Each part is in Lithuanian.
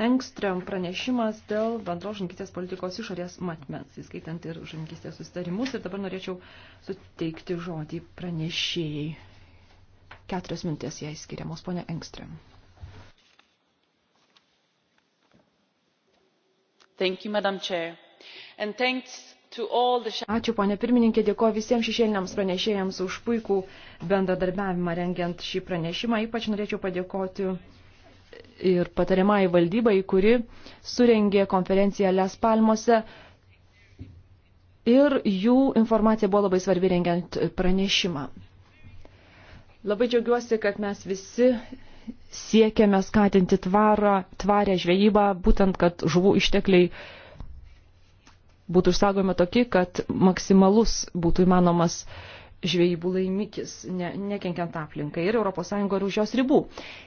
Engström pranešimas dėl bendros žankystės politikos išorės matmens, įskaitant ir žankystės sustarimus. Ir dabar norėčiau suteikti žodį pranešėjai. Keturias mintės jai skiriamos, ponia Engström. Thank you, Madam Chair. And thanks Ačiū, ponė pirmininkė, dėkoju visiems šešėliniams pranešėjams už puikų bendradarbiavimą rengiant šį pranešimą. Ypač norėčiau padėkoti ir patariamai valdybai, kuri surengė konferenciją Les Palmose. Ir jų informacija buvo labai svarbi rengiant pranešimą. Labai džiaugiuosi, kad mes visi siekiame skatinti tvarą, tvarę žvejybą, būtent, kad žuvų ištekliai būtų išsaugomi tokie, kad maksimalus būtų įmanomas uh, žvejybų laimikis, ne, nekenkiant aplinkai ir ES ir už jos ribų.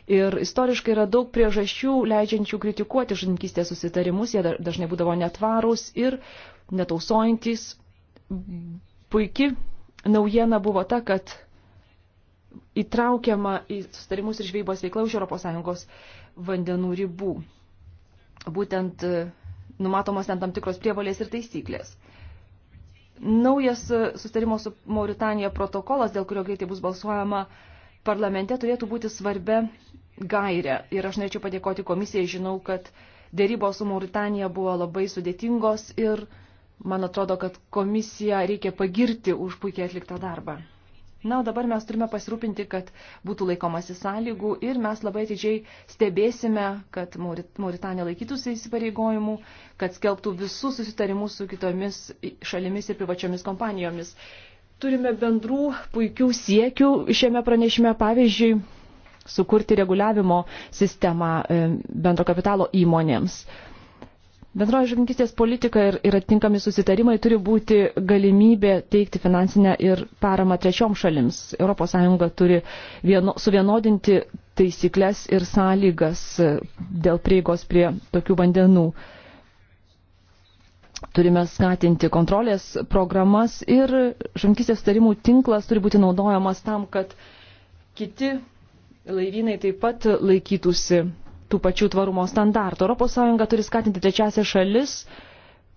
Ir istoriškai yra daug priežasčių leidžiančių kritikuoti žininkystės susitarimus, jie dažnai būdavo netvarūs ir netausojantis. Puiki naujiena buvo ta, kad įtraukiama į susitarimus ir žvejybos veiklą už ES vandenų ribų. Būtent e, numatomas ten tam tikros prievalės ir taisyklės. Naujas e, sustarimo su Mauritanija protokolas, dėl kurio greitai bus balsuojama parlamente, turėtų būti svarbia gairė. Ir aš norėčiau padėkoti komisijai, žinau, kad dėrybos su Mauritanija buvo labai sudėtingos ir man atrodo, kad komisiją reikia pagirti už puikiai atliktą darbą. Na, o dabar mes turime pasirūpinti, kad būtų laikomasi sąlygų ir mes labai atidžiai stebėsime, kad Mauritanija laikytųsi įsipareigojimų, kad skelbtų visus susitarimus su kitomis šalimis ir privačiomis kompanijomis. Turime bendrų puikių siekių šiame pranešime, pavyzdžiui, sukurti reguliavimo sistemą e, bendro kapitalo įmonėms Bendroji žuvininkystės politika ir, ir atitinkami susitarimai turi būti galimybė teikti finansinę ir paramą trečiom šalims. ES turi vieno, suvienodinti taisyklės ir sąlygas e, dėl prieigos prie tokių vandenų. Turime skatinti kontrolės programas ir žuvininkystės tarimų tinklas turi būti naudojamas tam, kad kiti laivynai taip pat laikytųsi tų pačių tvarumo standartų. ES turi skatinti trečiasią šalis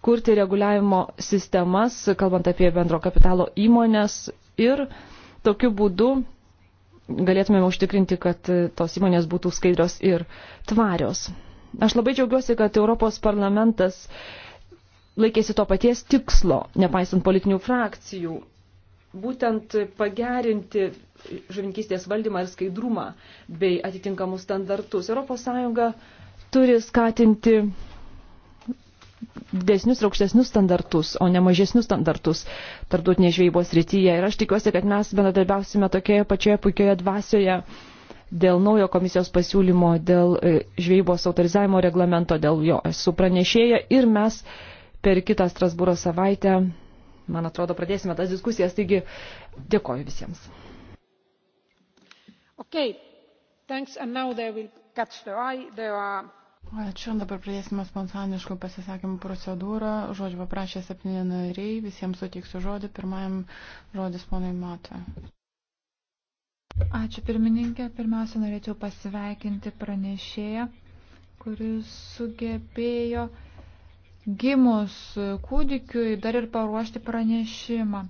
kurti reguliavimo sistemas, kalbant apie bendro kapitalo įmonės ir tokiu būdu galėtumėme užtikrinti, kad tos įmonės būtų skaidrios ir tvarios. Aš labai džiaugiuosi, kad Europos parlamentas laikėsi to paties tikslo, nepaisant politinių frakcijų būtent pagerinti žuvininkystės valdymą ir skaidrumą bei atitinkamus standartus. ES turi skatinti didesnius ir aukštesnius standartus, o ne mažesnius standartus tarptautinės žvejybos rytyje. Ir aš tikiuosi, kad mes bendradarbiausime tokioje pačioje puikioje dvasioje dėl naujo komisijos pasiūlymo, dėl e, žvejybos autorizavimo reglamento, dėl jo esu pranešėja ir mes per kitą Strasbūro savaitę man atrodo, pradėsime tas diskusijas. Taigi, dėkoju visiems. Okay. Thanks, and now they will catch the eye. There are... Ačiū, dabar pradėsime spontaniškų pasisakymų procedūrą. Žodžiu paprašė septyni nariai, visiems suteiksiu žodį. Pirmajam žodis ponai Matui. Ačiū pirmininkė. Pirmiausia, norėčiau pasveikinti pranešėją, kuris sugebėjo uh, gimus kūdikiui dar ir paruošti pranešimą.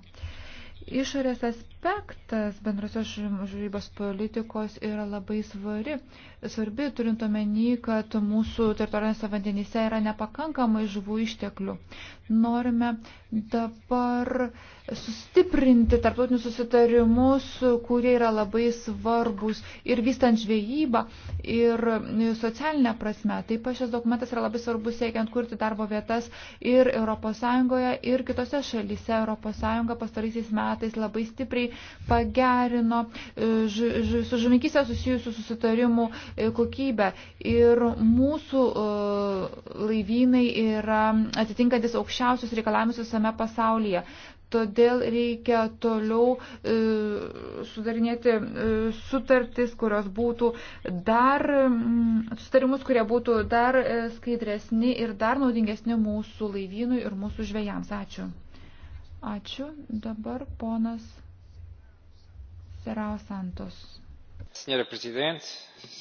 Išorės aspektas aspektas bendrosios žvejybos politikos yra labai svari. Svarbi turint omeny, kad mūsų teritorinėse vandenyse yra nepakankamai žuvų išteklių. Norime dabar sustiprinti tarptautinius susitarimus, kurie yra labai svarbus ir vystant žvejybą, ir socialinę prasme. Taip pat šis dokumentas yra labai svarbus siekiant kurti darbo vietas ir ES, ir kitose šalyse. ES pastaraisiais metais labai stipriai ženkliai pagerino e, su žuvininkystė susijusių susitarimų e, kokybę. Ir mūsų e, laivynai yra atitinkantis aukščiausius reikalavimus visame pasaulyje. Todėl reikia toliau e, sudarinėti e, sutartis, kurios būtų dar, mm, sutarimus, kurie būtų dar e, skaidresni ir dar naudingesni mūsų laivynui ir mūsų žvėjams. Ačiū. Ačiū. Dabar ponas Serau Santos. Senhora Presidente,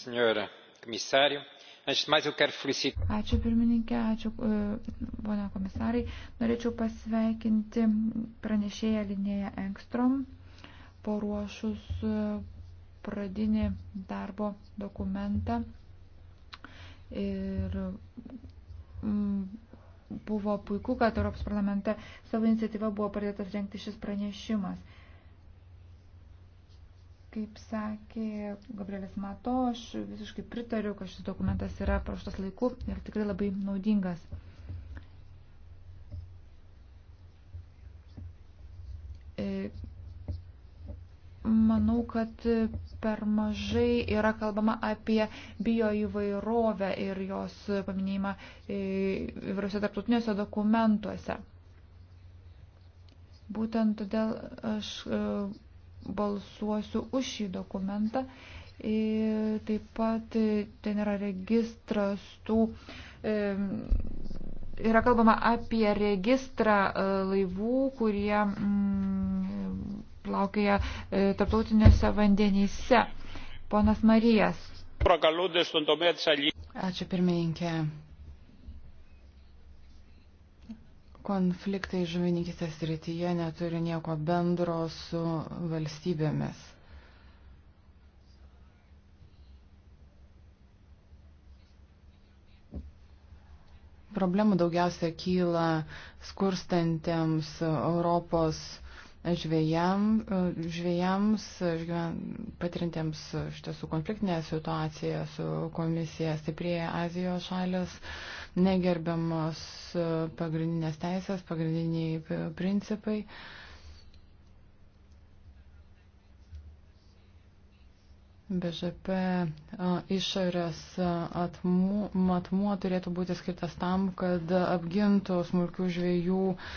senhora Comissário, antes de mais eu quero felicitar. Ačiū pirmininkė, ačiū e, ponia komisarai. Norėčiau pasveikinti pranešėją Linėją Engstrom poruošus e, pradinį darbo dokumentą ir buvo puiku, kad Europos parlamente savo iniciatyva buvo pradėtas rengti šis pranešimas. Kaip sakė Gabrielis Mato, aš visiškai pritariu, kad šis dokumentas yra praštas laiku ir tikrai labai naudingas. E, manau, kad per mažai yra kalbama apie bio įvairovę ir jos paminėjimą e, įvairiuose tarptautiniuose dokumentuose. Būtent todėl aš e, balsuosiu už šį dokumentą. Ir e, taip pat e, ten yra registras tų. E, yra kalbama apie registrą laivų, kurie mm, plaukioja tarptautinėse vandenyse. Ponas Marijas. Ačiū pirmininkė. Konfliktai žuvininkistės rytyje neturi nieko bendro su valstybėmis. problemų daugiausia kyla skurstantiems Europos žvėjam, žvėjams, patirintiems iš tiesų konfliktinę situaciją su komisija stiprėja Azijos šalis, negerbiamos pagrindinės teisės, pagrindiniai principai. BŽP išorės atmuo, matmuo turėtų būti skirtas tam, kad apgintų smulkių žvėjų uh,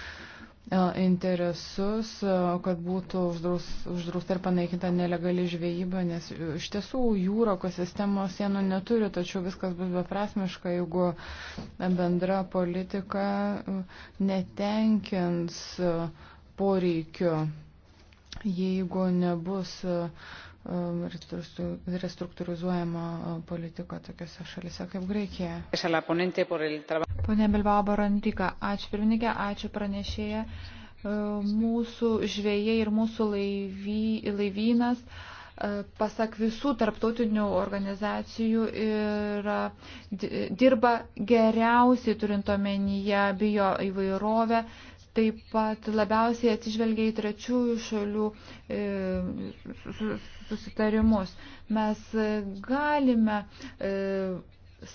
E, interesus, e, kad būtų uždrausta ir panaikinta nelegali žvejyba, nes iš tiesų jūro ekosistemos sienų neturi, tačiau viskas bus beprasmiška, jeigu bendra politika e, netenkins poreikio, jeigu nebus uh, Um, restruktūrizuojama uh, politika tokiuose šalise kaip Graikija. Pone Bilbao Barantika, ačiū pirmininkė, ačiū pranešėja. Uh, mūsų žvėjai ir mūsų laivy, laivynas uh, pasak visų tarptautinių organizacijų ir dirba geriausiai turint omenyje bio įvairovę taip pat labiausiai atsižvelgia į trečiųjų šalių e, susitarimus. Mes e, galime e,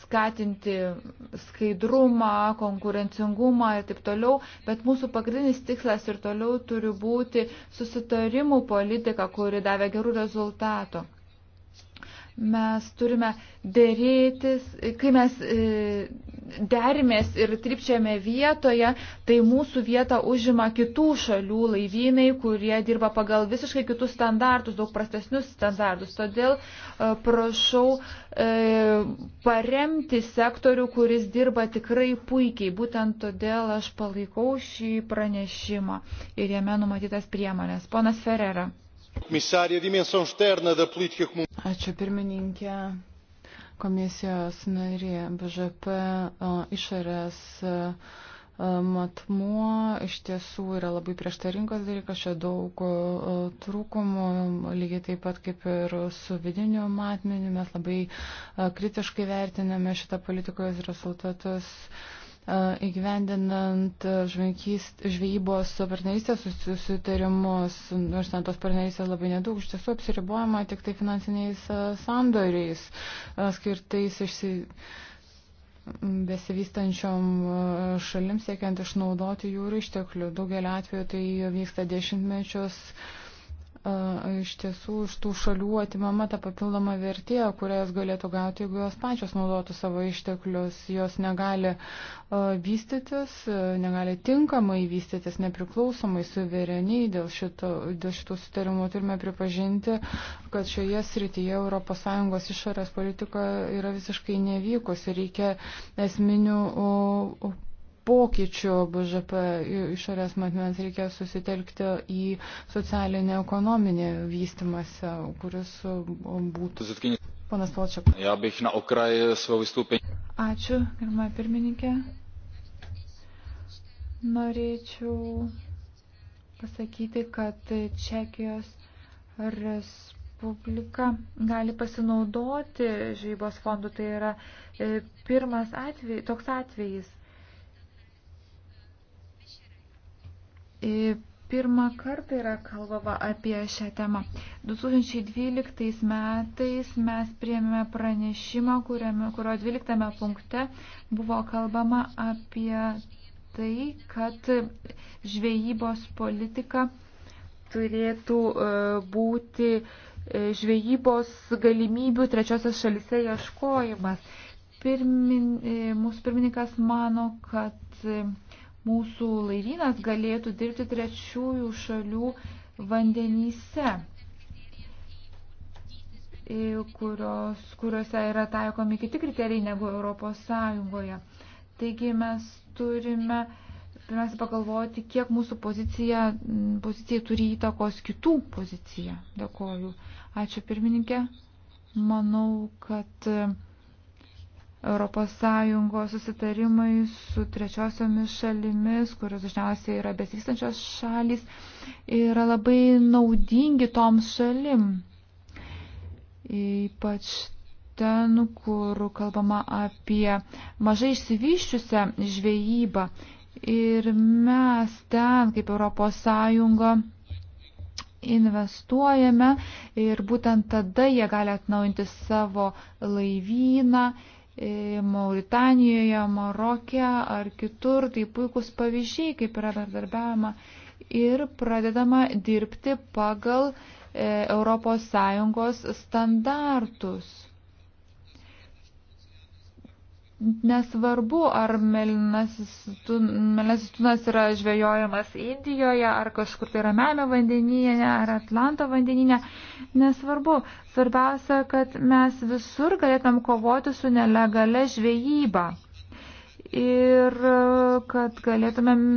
skatinti skaidrumą, konkurencingumą ir taip toliau, bet mūsų pagrindinis tikslas ir toliau turi būti susitarimų politika, kuri davė gerų rezultatų mes turime dėrėtis, kai mes e, derimės ir tripčiame vietoje, tai mūsų vietą užima kitų šalių laivynai, kurie dirba pagal visiškai kitus standartus, daug prastesnius standartus. Todėl e, prašau e, paremti sektorių, kuris dirba tikrai puikiai. Būtent todėl aš palaikau šį pranešimą ir jame numatytas priemonės. Ponas Ferrera. Ačiū pirmininkė. Komisijos narė BŽP išorės matmuo iš tiesų yra labai prieštaringas dalykas, čia daug trūkumų, lygiai taip pat kaip ir su vidiniu matmeniu, mes labai kritiškai vertiname šitą politikos rezultatus. E, įgyvendinant žvejybos partnerystės susitarimus, nors ten tos partnerystės labai nedaug, iš tiesų apsiribuojama tik tai finansiniais e, sandoriais, e, skirtais išsi besivystančiom šalim siekiant išnaudoti jūrų išteklių. Daugelį atvejų tai vyksta dešimtmečius iš tiesų iš tų šalių atimama ta papildoma vertė, kurią jos galėtų gauti, jeigu jos pačios naudotų savo išteklius. Jos negali vystytis, negali tinkamai vystytis nepriklausomai, suvereniai. Dėl, šito, dėl šitų sutarimų turime pripažinti, kad šioje srityje ES išorės politika yra visiškai nevykusi. Reikia esminių pokyčių BŽP išorės matmens reikia susitelkti į socialinį ekonominį vystimąsi, kuris būtų. Panas Polčiak. Ja bych na okraj savo vystupį. Ačiū, germa pirmininkė. Norėčiau pasakyti, kad Čekijos Respublika gali pasinaudoti žvejybos fondų. Tai yra e, pirmas atvej, toks atvejis. E, pirmą kartą yra kalbama apie šią temą. 2012 metais mes priėmėme pranešimą, kuriame, kurio 12 punkte buvo kalbama apie tai, kad žvejybos politika turėtų e, būti e, žvejybos galimybių trečiosios šalise ieškojimas. Pirmin, mūsų pirmininkas mano, kad mūsų laivynas galėtų dirbti trečiųjų šalių vandenyse, kurios, kuriuose yra taikomi kiti kriterijai negu Europos Sąjungoje. Taigi mes turime pirmiausia pagalvoti, kiek mūsų pozicija, pozicija turi įtakos kitų poziciją. Dėkoju. Ačiū pirmininkė. Manau, kad ES susitarimai su trečiosiomis šalimis, kurios dažniausiai yra besivystančios šalys, yra labai naudingi toms šalim. Ypač ten, kur kalbama apie mažai išsivyščiusią žvejybą. Ir mes ten, kaip ES, investuojame ir būtent tada jie gali atnaujinti savo laivyną E, Mauritanijoje, Marokė ar kitur, tai puikus pavyzdžiai, kaip yra bendradarbiavama ir pradedama dirbti pagal ES standartus. Nesvarbu, ar melinasis tunas yra žvejojamas Indijoje, ar kažkur tai Ramėme vandenyje, ar Atlanto vandenyje. Nesvarbu. Svarbiausia, kad mes visur galėtumėm kovoti su nelegale žvejyba. Ir kad galėtumėm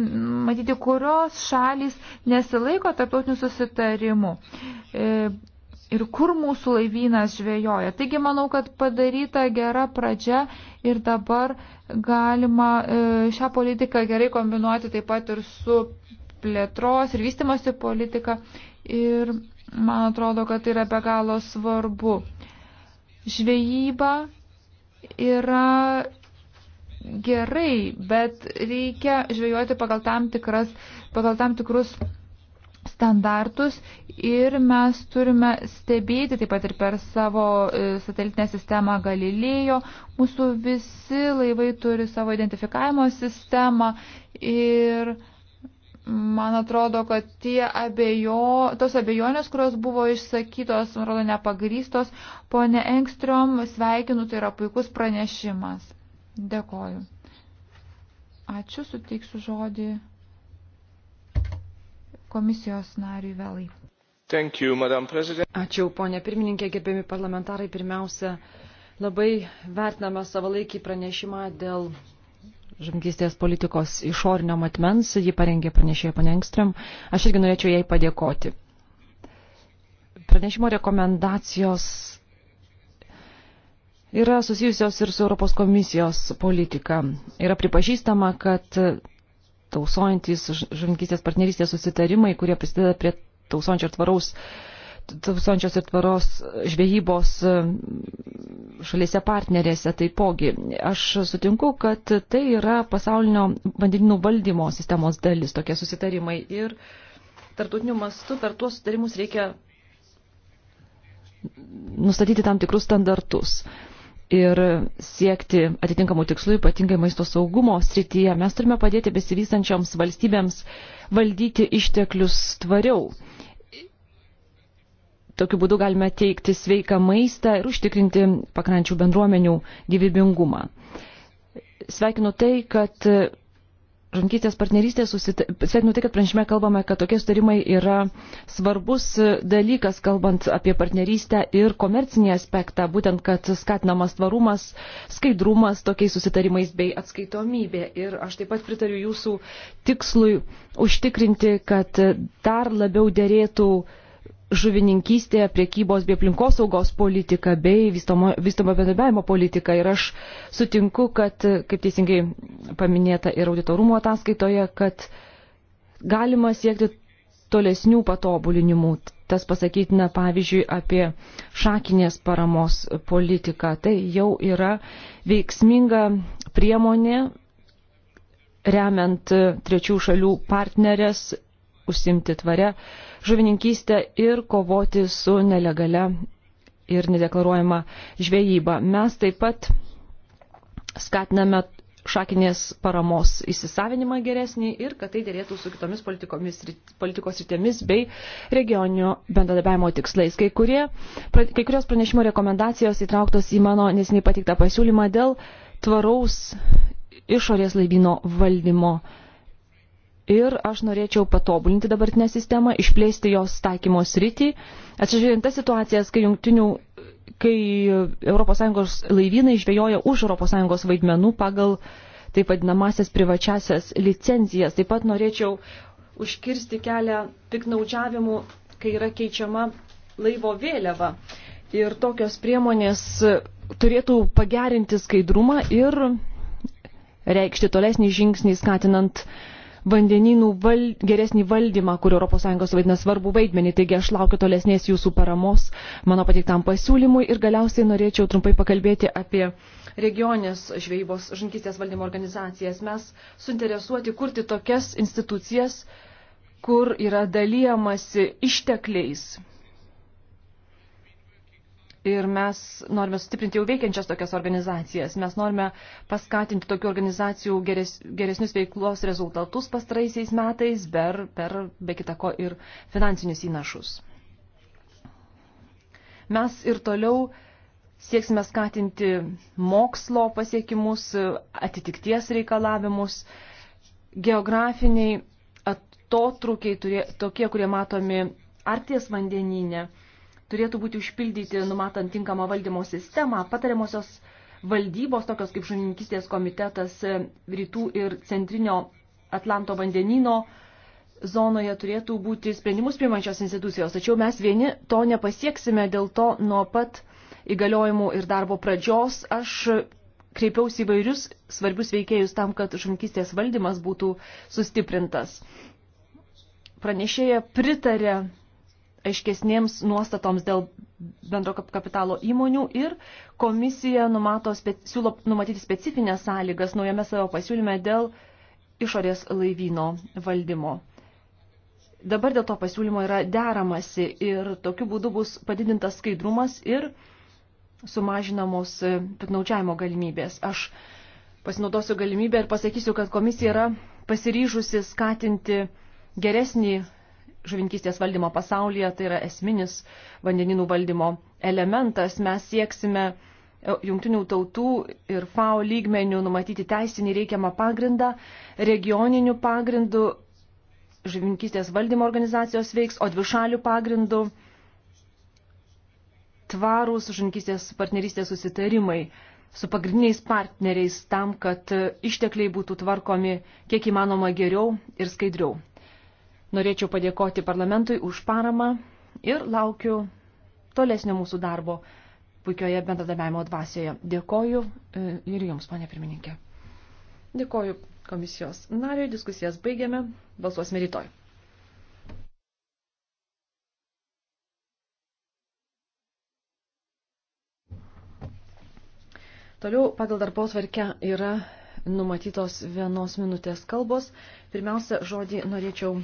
matyti, kurios šalis nesilaiko tarptautinių susitarimų. E, ir kur mūsų laivynas žvejoja. Taigi manau, kad padaryta gera pradžia ir dabar galima e, šią politiką gerai kombinuoti taip pat ir su plėtros ir vystimosi politika ir man atrodo, kad tai yra be galo svarbu. Žvejyba yra gerai, bet reikia žvejoti pagal tam, tikras, pagal tam tikrus standartus ir mes turime stebėti taip pat ir per savo e, satelitinę sistemą Galilėjo. Mūsų visi laivai turi savo identifikavimo sistemą ir man atrodo, kad tie abejo, tos abejonės, kurios buvo išsakytos, man atrodo, nepagrystos, ponė Engstrom, sveikinu, tai yra puikus pranešimas. Dėkoju. Ačiū, suteiksiu žodį komisijos nariui Velai. Thank you, Ačiū, ponė pirmininkė, gerbėmi parlamentarai. Pirmiausia, labai vertiname savalaikį pranešimą dėl žemdystės politikos išorinio matmens. Ji parengė pranešėją panengstram. Aš irgi norėčiau jai padėkoti. Pranešimo rekomendacijos yra susijusios ir su Europos komisijos politika. Yra pripažįstama, kad tausojantis žuvininkystės partnerystės susitarimai, kurie prisideda prie tausojančio ir tvaraus tausančios ir tvaros žvejybos šalyse partnerėse taipogi. Aš sutinku, kad tai yra pasaulinio vandeninų valdymo sistemos dalis, tokie susitarimai. Ir tartutiniu mastu per tuos sutarimus reikia nustatyti tam tikrus standartus ir siekti atitinkamų tikslų, ypatingai maisto saugumo srityje. Mes turime padėti besivystančioms valstybėms valdyti išteklius tvariau. Tokiu būdu galime teikti sveiką maistą ir užtikrinti pakrančių bendruomenių gyvybingumą. Sveikinu tai, kad žankystės partnerystės susitarimas, sveikinu tai, kad pranešime kalbame, kad tokie sutarimai yra svarbus dalykas, kalbant apie partnerystę ir komercinį aspektą, būtent, kad skatinamas tvarumas, skaidrumas tokiais susitarimais bei atskaitomybė. Ir aš taip pat pritariu jūsų tikslui užtikrinti, kad dar labiau dėrėtų uh, žuvininkystė, priekybos bei aplinkosaugos politika bei vystomo, vystomo bendradarbiavimo politika. Ir aš sutinku, kad, kaip teisingai paminėta ir auditorumo ataskaitoje, kad galima siekti tolesnių patobulinimų. Tas pasakytina, pavyzdžiui, apie šakinės paramos politiką. Tai jau yra veiksminga priemonė remiant trečių šalių partnerės užsimti tvarę žuvininkystę ir kovoti su nelegale ir nedeklaruojama žvejyba. Mes taip pat skatiname šakinės paramos įsisavinimą geresnį ir kad tai dėlėtų su kitomis politikos rytėmis bei regioninio bendradarbiavimo tikslais. Kai, kurie, kai kurios pranešimo rekomendacijos įtrauktos į mano nesiniai patiktą pasiūlymą dėl tvaraus išorės laivyno valdymo uh, ir aš norėčiau patobulinti dabartinę sistemą, išplėsti jos taikymo sritį, atsižiūrint tas situacijas, kai jungtinių kai ES laivynai žvejoja už ES vaidmenų pagal taip vadinamasias privačiasias licencijas. Taip pat norėčiau užkirsti kelią piknaudžiavimu, kai yra keičiama laivo vėliava. Ir tokios priemonės turėtų pagerinti skaidrumą ir reikšti tolesnį žingsnį skatinant uh, vandeninų val, geresnį valdymą, kur ES vaidina svarbu vaidmenį. Taigi aš laukiu tolesnės jūsų paramos mano pateiktam pasiūlymui ir galiausiai norėčiau trumpai pakalbėti apie regionės žvejybos žankystės valdymo organizacijas. Mes suinteresuoti kurti tokias institucijas, kur yra dalyjamasi ištekliais ir mes norime sustiprinti jau veikiančias tokias organizacijas. Mes norime paskatinti tokių organizacijų geres, geresnius veiklos rezultatus pastaraisiais metais, ber, per, be kitako, ir finansinius įnašus. Mes ir toliau sieksime skatinti mokslo pasiekimus, atitikties reikalavimus, geografiniai atotrukiai, tokie, kurie matomi Arkties vandenyne turėtų būti užpildyti, numatant tinkamą valdymo sistemą, patariamosios valdybos, tokios kaip žuvininkistės komitetas e, rytų ir centrinio Atlanto vandenino zonoje turėtų būti sprendimus priimančios institucijos, tačiau mes vieni to nepasieksime, dėl to nuo pat įgaliojimų ir darbo pradžios aš kreipiausi įvairius svarbius veikėjus tam, kad žunkistės valdymas būtų sustiprintas. Pranešėja pritarė aiškesnėms nuostatoms dėl bendro kapitalo įmonių ir komisija numato, siūlo numatyti specifines sąlygas naujame savo pasiūlyme dėl išorės laivyno valdymo. Dabar dėl to pasiūlymo yra deramasi ir tokiu būdu bus padidintas skaidrumas ir sumažinamos e, piknaudžiavimo galimybės. Aš pasinaudosiu galimybę ir pasakysiu, kad komisija yra pasiryžusi skatinti geresnį žuvinkystės valdymo pasaulyje, tai yra esminis vandeninų valdymo elementas. Mes sieksime e, jungtinių tautų ir FAO lygmenių numatyti teisinį reikiamą pagrindą, regioninių pagrindų žuvinkystės valdymo organizacijos veiks, o dvišalių pagrindų tvarūs žuvinkystės partnerystės susitarimai su pagrindiniais partneriais tam, kad ištekliai būtų tvarkomi kiek įmanoma geriau ir skaidriau. Norėčiau padėkoti parlamentui už paramą ir laukiu tolesnio mūsų darbo puikioje bendradarbiavimo dvasioje. Dėkoju e, ir jums, ponė pirmininkė. Dėkoju komisijos nariui, diskusijas baigiame, balsuosime rytoj. Toliau pagal darbos varkę yra numatytos vienos minutės kalbos. Pirmiausia, žodį norėčiau